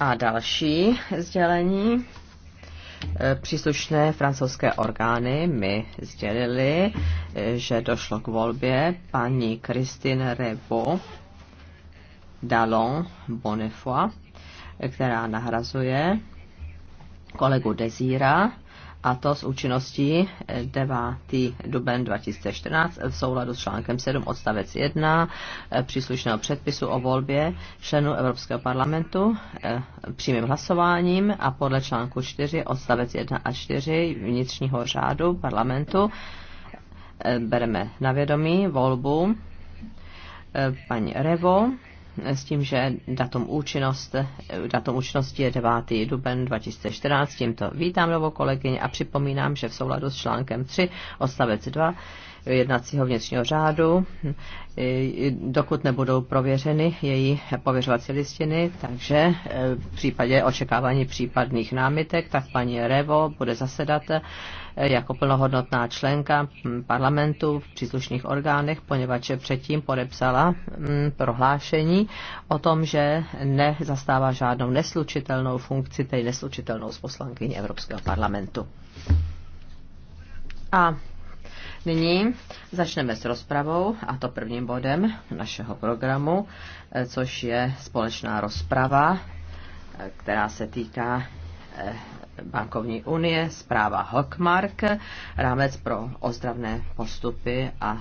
A další sdělení. E, příslušné francouzské orgány mi sdělili, e, že došlo k volbě paní Christine Rebo Dallon Bonnefoy, e, která nahrazuje kolegu Desira a to s účinností 9. Eh, duben 2014 v souladu s článkem 7 odstavec 1 eh, příslušného předpisu o volbě členů Evropského parlamentu eh, přímým hlasováním a podle článku 4 odstavec 1 a 4 vnitřního řádu parlamentu bereme na vědomí volbu paní Revo s tím, že datum, účinnost, datum účinnosti je 9. duben 2014. Tímto vítám novou kolegyně a připomínám, že v souladu s článkem 3 odstavec 2 jednacího vnitřního řádu, dokud nebudou prověřeny její pověřovací listiny, takže e, v případě očekávání případných námitek, tak paní Revo bude zasedat e, jako plnohodnotná členka parlamentu v příslušných orgánech, poněvadž předtím podepsala prohlášení o tom, že nezastává žádnou neslučitelnou funkci, tedy neslučitelnou s poslankyní Evropského parlamentu. A Nyní začneme s rozpravou, a to prvním bodem našeho programu, eh, což je společná rozprava, eh, která se týká eh, bankovní unie, zpráva Hockmark, rámec pro ozdravné postupy a